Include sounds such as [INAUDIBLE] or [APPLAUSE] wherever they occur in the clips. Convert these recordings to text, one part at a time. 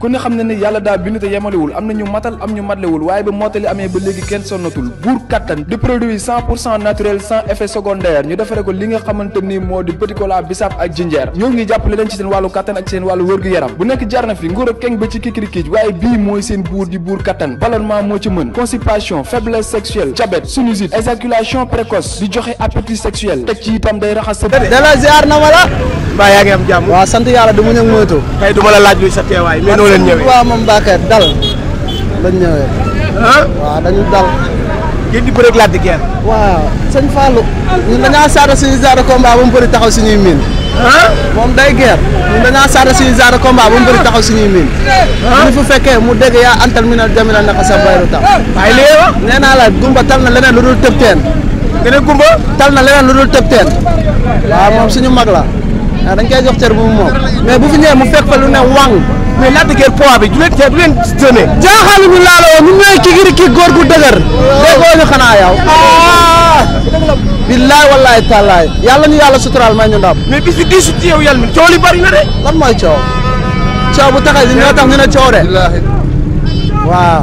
ku ne xam ne ne yàlla daal bind te yemalewul am na ñu matal am ñu matlewul waaye ba mottali amee ba léegi kenn sonnatul buur kattan di produit cent pour cent naturel sans effet secondaire ñu defare ko li nga xamante ni moo di petit cola bisaab ak jinjeer ñoo ngi jàppale leen ci seen wàllu kattan ak seen wàllu wërgu yaram bu nekk jarna fi nguur keng ba ci kikirikiij waaye bii mooy seen buur di buur kattan ballonnement moo ci mën constipation faiblesse leen ñëwee. waaw moom Bakar dal lañ ñëwee. ah dañu dal. ngeen di bëreeg laaj di gerte. waaw sëñ Fallou. ñun dañaa saada suñu genre combat ba mu bëri taxaw suñuy miin. ah moom day geer ñun dañaa saada suñu genre combat ba mu bëri taxaw suñuy miin. ah fu fekkee mu dégg yaa antal mi na jami na naka sa bayru tax. waaye li wax nee naa la gumba tal na leneen lu dul tëb teen. nga ne gumba tal na leneen lu dul tëb teen. suñu mag la. Ah, dañ koy jox cër bu mu moom. mais bu fi ñëwee mu fekk fa lu ne wàng. mais Lac de Guiers poids bi du leen te du leen tënee. jaaxal ñu laa la woon ñu ñooy kii ñu xanaa yow. Ah! billaay wallaay tallaay yàlla ñu yàlla suturaal may ñu ndam. mais bis bi diisu ci yow yàlla mi coow li bari na de. lan mooy coow. ñoo tax ñu ne coow waaw.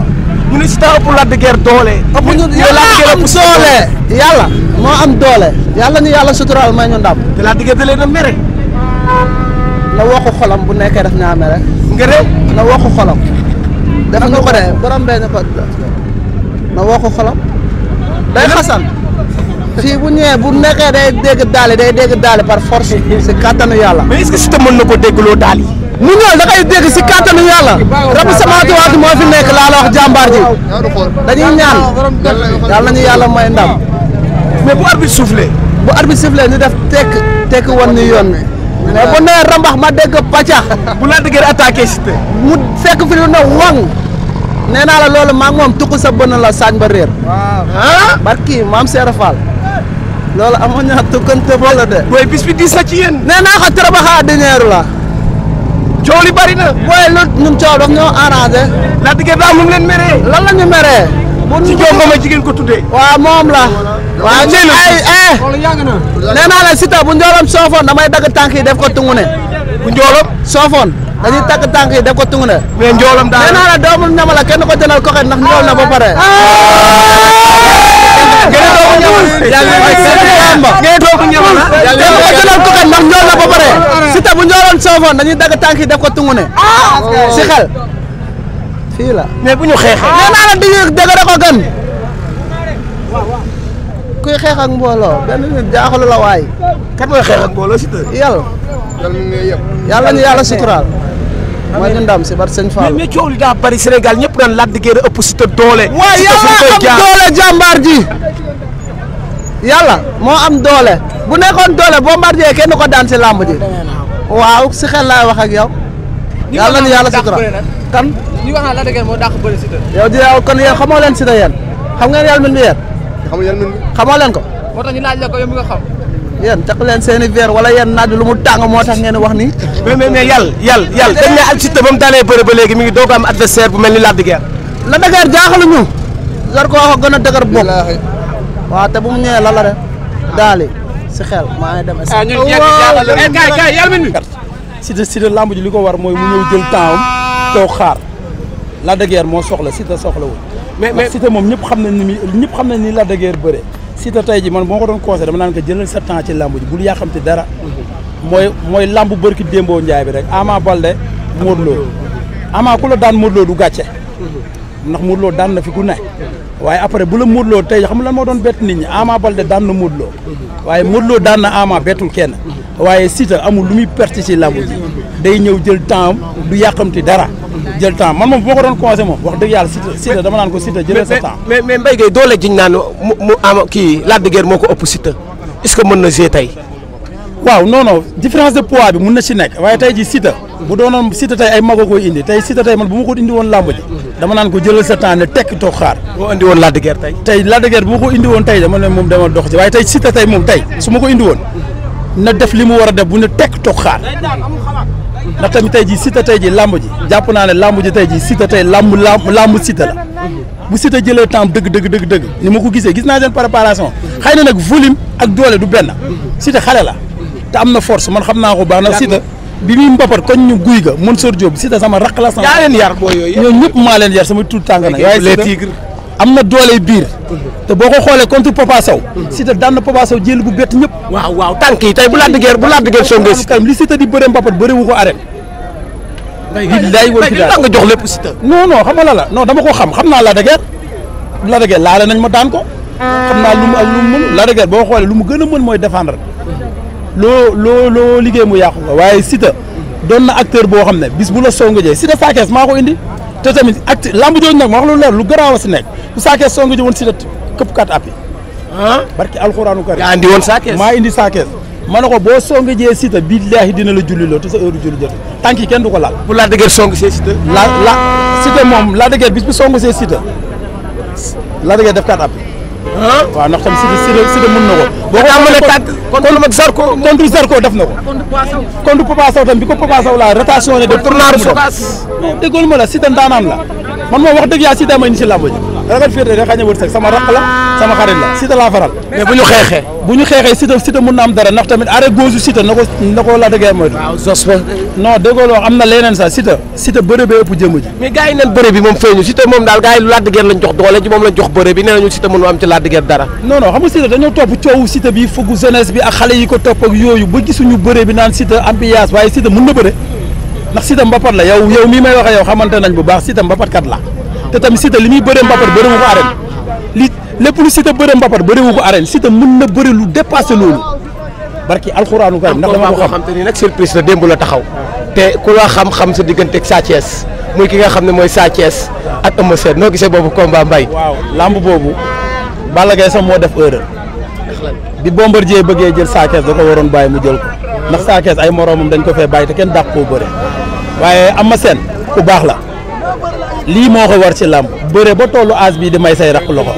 ñu si tax ëpp Lac de Guiers doole. ëpp ñu yàlla moo am doole. yàlla ñu yàlla suturaal may ñu ndam. te Lac de Guiers na waxu xolam bu nekkee daf ñaame rek. nga réew na waxu xolam. def na ko de borom benn ko na waxu xolam. day xasan. fii bu ñëwee bu nekkee day dégg daal day dégg daal par force. si kàttanu yàlla. mais est-ce si te mën na ko déggloo daal yi. mu ñëw da ngay dégg si kàttanu yàlla rabu samaatu waat moo fi nekk laa la wax jàmbaar ji dañuy ñaan yàlla nañu yàlla may ndam. mais bu arbitre soufflé. bu arbitre soufflé ñu def tekk tekk woon ni yoon mi mais bu nee rambax ma dégg pàccax. bu la dëggee attaqué Siteu. mu fekk fi lu ne waŋ. nee naa la loolu maa moom tuq sa bënn la saañ ba réer. waaw ah! barki maam Seera Fall. loolu amoon naa tukkante ba la de. bi diis na ci yéen. nee naa ko trabaxa dineeru la. coow li bari na. booy lu ñun coow daf ñoo arrangé. la dëggee daa mu leen meree. lan la ñu meree. ci coow ba ma jigéen ko tuddee. waaw moom la. waaw ñun ay eh. nee naa la Siteu bu njooloon soofoon damay dagg tànk yi def ko tungu ne. bu njooloon soofoon tànk def ko tungu ne. mais njooloon daal nee naa la doomu ñama la ko jëndal ko xet ndax njool na ba pare. a ah! a doomu ñama ko jëndal ko xet ndax njool na ba pare. Ah! bu njooloon soofoon dañuy dagg tànk def ko tungu ne. Ah! la. mais bu ñu xeexee. nee naa la di dëgg da kuy xeex ak mbooloo benn nit jaaxalu la waay. kat mooy xeex ak mbooloo si tëj. yàlla. yàlla ñu yàlla suturaal. mooy ñu ndam si bar sëñ bari Sénégal ñëpp dan Lac de Guiers ëpp si te doole. waaye yàlla ji. yàlla moo am doole. bu nekkoon doole Bombardier kenn ko daan si làmb ji. waaw si xel laay wax ak yow. yàlla na yàlla suturaal kan. ñu wax Lac de Guiers moo dàq si te. xam ngeen yàlla mën na yéen xamu yan mën xamoo leen ko. moo tax ñu laaj la ko yow mi nga xam. leen seen i verre wala yéen naaj lu mu tàng moo tax ngeen wax ni. mais mais mais yàlla yàlla yàlla dañ ne Al Siteu ba mu daanee bëre ba léegi mi ngi doog am adversaire bu mel ni Lac de Guiers. Lac de Guiers jaaxaluñu. Zarko wax gën a dëgër bopp. waaw te bu mu ñëwee la la rek. daali si xel maa ngi dem. ah ñun ñetti jaaxal leen eh, kay kay yàlla mi. Siteu Siteu lamb ji li ko war mooy mu ñëw jël temps am toog xaar Lac de Guiers moo soxla Siteu soxlawul mais mais Siteu moom ñëpp xam nañ ni ñëpp xam na ni Lac de Guiers bëre Siteu tey ji man moo ko doon conseillé dama naan ko jëlal sa temps ci làmb ji bul yàqamti dara mooy mooy làmb bërki démboo njaay bi rek Ama bal Modou Lo Ama ku la daan Modou Lo du gàcce ndax Modou Lo daan na fi ku ne waaye après bu la Modou Lo tey xam lan moo doon bett nit ñi Ama Baldé daan na Lo waaye Modou Lo daan na Ama bettul kenn waaye Siteu amu lu muy perte ci làmb ji day ñëw jël temps du ti dara [LAUGHS] jël temps man moom boo ko doon conseillé moom wax dëgg yàlla Siteu Siteu dama naan ko Siteu jëlee sa temps. mais mais Mbaye doole jiñ naan mu mu waaw non non différence de poids bi mun na ci nekk waaye tey ji Siteu bu doonoon Siteu tey ay bu ma ko indi woon làmb ji naan ko jëlal sa temps ne tekk toog xaar boo indi woon Lac de Guiers tey tey ko indi woon tey dama moom dama dox ci waaye tey Siteu tey moom tey su ma ko indi woon na def li mu war a def bu ne tekk toog xaar ndax tamit tey jii Siteu tey jii làmb ji jàpp naa ne làmb ji tey ji Siteu tey làmb làmb Siteu la bu Siteu jëlee temps dëgg dëgg dëgg dëgg ni ma ko gisee gis naa seen préparation xëy na nag volume ak doole du benn Siteu xale la te am na force man xam naa ko baax na Siteu bi muy mbapat koñ ñu guy ga Mansour Diop Siteu sama rakk la sama yaa leen yar booy yooyu maa leen yar sama tout tàng na am na doole biir te boo ko xoolee contre Papa Sow Siteu daan na Papa Sow jël bu bett ñëpp waaw waaw tànk yi tey bu laaj guerre bu laaj guerre songee Siteu li Siteu di bëre mbapat bëre wu ko nga jox lépp Siteu non non xam nga la la non dama ko xam xam naa la de guerre la de laale nañ ma daan ko xam naa lu mu ak lu mu la de boo xoolee lu mu gën a mën mooy défendre loo loo loo liggéey mu yàqu nga waaye Siteu doon na acteur boo xam ne bis bu la nga Siteu Sa Thiès maa ko indi te tamit acte lamb jooju nag ma wax lu leer lu garaaw a si nekk saakees soo nga jëwoon si dët këpp kat appi barki alxuraanu kariim yaa indi woon saakees maa indi saakees ma ne ko boo song sita billaahi dina la julli loo te sa heure julli jot tànk yi kenn du ko la sita moom laa dëgër bis bu song see sita laa dëgër def kat appi waaw ndax tam si si si de mën na ko. boo ko amoon tànk contre def na ko. contre Papa tam bi ko Papa Sow laa rotation ne de tournage. déggoon ma la si de ndaanaan la man moom wax dëgg yaa si ma indi si làmb ji ragal féete rek xañ a wërsëg sama rakk la sama xarit la Siteu laa faral. mais bu ñu xeexee. bu ñu xeexee Siteu Siteu mën na am dara ndax tamit arrêt gauche Siteu na ko na ko la dëggee moytu. waaw sos ba. loo am na leneen sax Siteu Siteu yi neen bëre bi moom feeñu Siteu moom daal gars yi Lac de Guiers lañ jox doole am ci Lac de dara. non non xam nga topp coowu Siteu bi fukk jeunesse bi ak xale yi ko topp ak yooyu ba gisuñu bëre bi naan Siteu ambiance waaye Siteu mën na bëre ndax Siteu mbapat la yow yow mii may wax yow xamante nañ bu baax Siteu mbapatkat la te tamit Siteu li muy bëree mbapat bëriwu ko arène li lépp lu Siteu bëree mbapat bëriwu ko arène Siteu mën na bëri lu dépassé loolu barki alxuraanu karim ndax dama ko xam te ni nag surprise la démb la taxaw te ku la xam-xam sa digganteeg Sa Thiès muy ki nga xam ne mooy Sa Thiès ak Eumeu Sène noo gisee boobu combat mbay waaw boobu Balla Gaye sax moo def erreur bi jee bëggee jël Sa Thiès da ko waroon bàyyi mu jël ko ndax Sa Thiès ay moroomam dañ ko fee bàyyi te kenn dàq koo bëre waaye Eumeu Sène baax la lii moo ko war ci làmb bëre ba tollu aas bi di may say raq loxo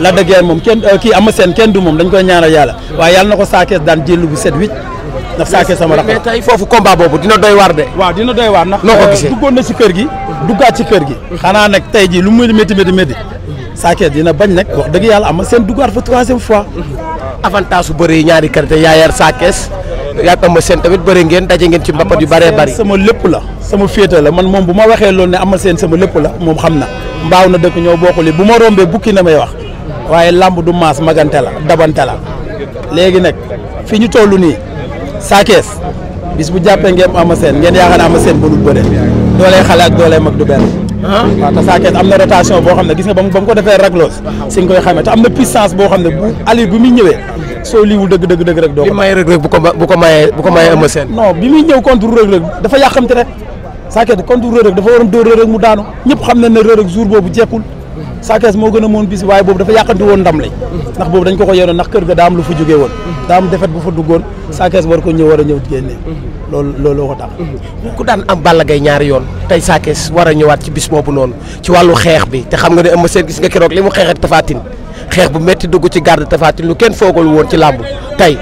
la dëggee moom kenn euh, kii ama seen kenn du moom dañ koy ñaanal yàlla waaye yàlla na ko saakees daan jël bu set wicc ndax saakees sama raq mais foofu combat boobu dina doy waar de waaw dina doy waar ndax noo ko euh, gisee duggoon na ci kër gi duggaat ci kër gi xanaa nag tey jii lu mu métti métti métti saakees dina bañ nag wax dëgg yàlla ama seen duggaat fa troisième fois avantage su ñaari qualité yaa saakees yaa ngi Eumeu seen tamit bëri ngeen daje ngeen ci mbapat yu bëree bëri sama lépp la sama féete la man moom bu ma waxee loolu ne Eumeu seen sama lépp la moom xam na mbaaw na dëkk ñoo bokkuli bu ma rombee bukki na may wax waaye làmb du maas magante la dabante la léegi nag fi ñu toll nii saakees bis bu jàppee ngeen Eumeu seen ngeen yaakaar ne Eumeu Sène mënul bëre doolee xale ak doolee mag du benn ah? waaw te am na rotation boo xam ne gis nga ba mu ko defee ragloos si nga koy xamee te am na puissance boo xam ne bu bu muy ñëwee soo liiwul dëgg dëgg dëgg rek. doo ko li may rek bu ko bu ko mayee bu ko mayee Eumeu Sène. non bi muy ñëw contre Reug Reug dafa yàqamte rek Sakess contre Reug Reug dafa waroon dóor Reug mu daanu ñëpp xam nañ ne Reug Reug jour boobu jekkul Sakess moo gën a moon bis waaye boobu dafa yàqanti woon ndam lañ ndax boobu dañ ko ko yeenoon ndax kër ga daam lu fa jógee woon daa am defet bu fa duggoon Sakess war ko ñëw war a ñëw génnee loolu loolu ko tax ku daan am Balla gay ñaari yoon tey Sakess war a ñëwaat ci bis boobu noonu ci wàllu xeex bi te xam nga ne Eumeu Sène gis nga mu xeex ak Tapha xeex bu metti dugg ci garde tafaatin lu kenn foogul woon ci làmb tey.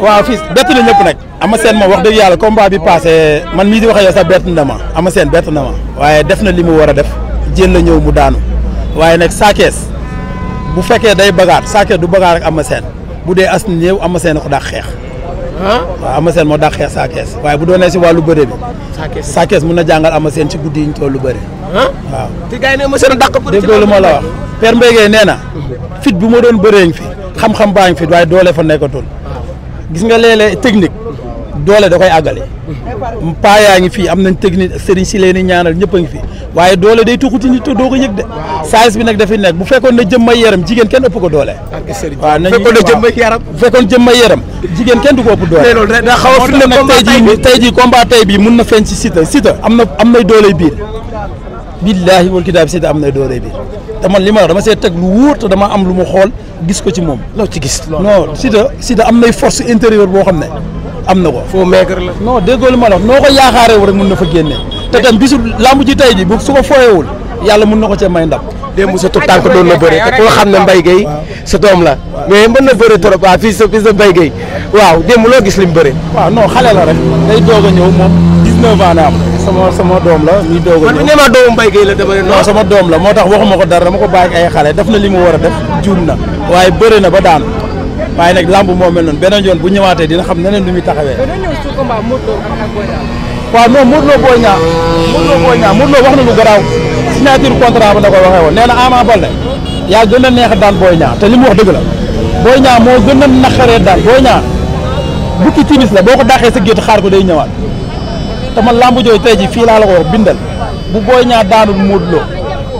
waaw fii bett na ñëpp nag ama seen moom wax dëgg yàlla combat bi passé man mii di wax yow sax bett na ma ama seen bett na ma waaye def na li mu war a def jël la ñëw mu daanu waaye nag saakees bu fekkee day bagaar saakees du bagaar ak ama seen bu dee as néew ama seen ko daa xeex. waaw ama seen moo dàq xeex saakees waaye bu doonee si wàllu bëre bi. saakees saakees mun na jàngal ama seen si guddi yi lu bëre. waaw te gars yi seen dàq déggoo lu ma la wax Père Mbengue nee na fit bu ma doon bëree ngi fi xam-xam baa ngi fi waaye doole fa nekkatul gis nga léeg-léeg technique doole da koy àggale paa yaa ngi fii am nañ technique sëriñ si leen ñaanal ñëpp a waaye doole day tuxuti nit doo ko yëg de bi nag dafi nekk fekkoon ne jëmm ay yaram jigéen kenn ko doole waaw nañu fekkoon ne jëmm ay yaram bu fekkoon jëmm ay yaram jigéen kenn du ko a fi nag tey jii tey jii combat tey bii mun na feeñ si Siteu Siteu am na am nay doole biir billaahi wal kitaab seeta am na dooree bi te man li ma dama see teg lu wóor te dama am lu mu xool gis ko ci moom. loo ci gis non Siteu Siteu am nay force intérieure boo xam ne am na ko. foo maigre la. non déggoo li ma la wax noo ko yaakaarewul rek mun na fa génne te tam bisu làmb ji tey ji bu su ko foyeewul yàlla mun na ko cee may ndam. démb sa tub tànk doon na bëre te koo xam ne Mbaye Gueye sa doom la mais mën na bëre trop waaw fii sa fii sa Mbaye Gueye waaw démb loo gis li mu bëre. waaw non xale la rek a sama sama doom la muy doog a ñëw man nee naa dama sama doom la moo tax waxuma ko dara dama ko bàyyi ay xale def na li mu war a def juum na waaye bëri na ba daan waaye nag làmb moo mel noonu beneen yoon bu ñëwaatee dina xam neneen lu muy taxawee. ba doon ñëw suuf combat Modou Lo ak Boy Niang. waaw non Modou Lo Boy wax na lu garaaw signature contrat ba da koy waxee woon nee na Ama Baldé yaa gën a neex daan Boy Niang te li mu wax dëgg la Boy Niang moo gën a naqaree daan Boy Niang bukki timis la boo ko daaxee sa gétt xaar ko day ñëwaat te man làmb jooju ji fii laa la ko wax bindal bu booy ñaa daanul Modou Lo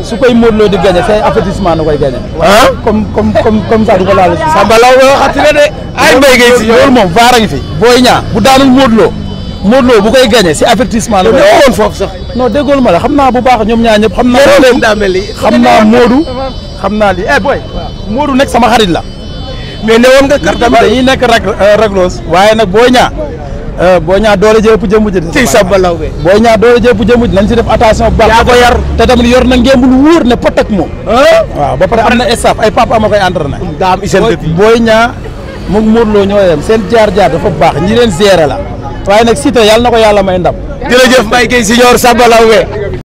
su koy Modou di gagné say avertissement na koy gagné. ah comme comme comme comme ça du ko laal. Samba Law nga waxati na de. ay mbay ngay si loolu moom fi. booy ñaa bu daanul Modou Lo bu koy gagné si avertissement la. woon foofu sax. non ma la xam naa bu baax ñoom ñaar ñëpp. xam naa loolu xam naa [LAUGHS] Modou. xam naa lii eh booy. Modou nekk sama xarit la. mais ne woon nga kàr tamit dañuy nekk rag euh, waaye nag booy ñaa Euh, boo ñaa doole ji ëpp jëmb ji ci sa be boo ñaa doole ji ëpp jëmb nañ si def attention baax yaa ko yar te tamit yor na ngémbul wóor ne pot moom waaw booy ñaa moom Modou Lo ñoo yem seen jaar-jaar dafa baax ñi leen la waaye nag Siteu yàlla na ko yàlla may ndam jërëjëf Mbaye Guèye Junior Samba Lawbe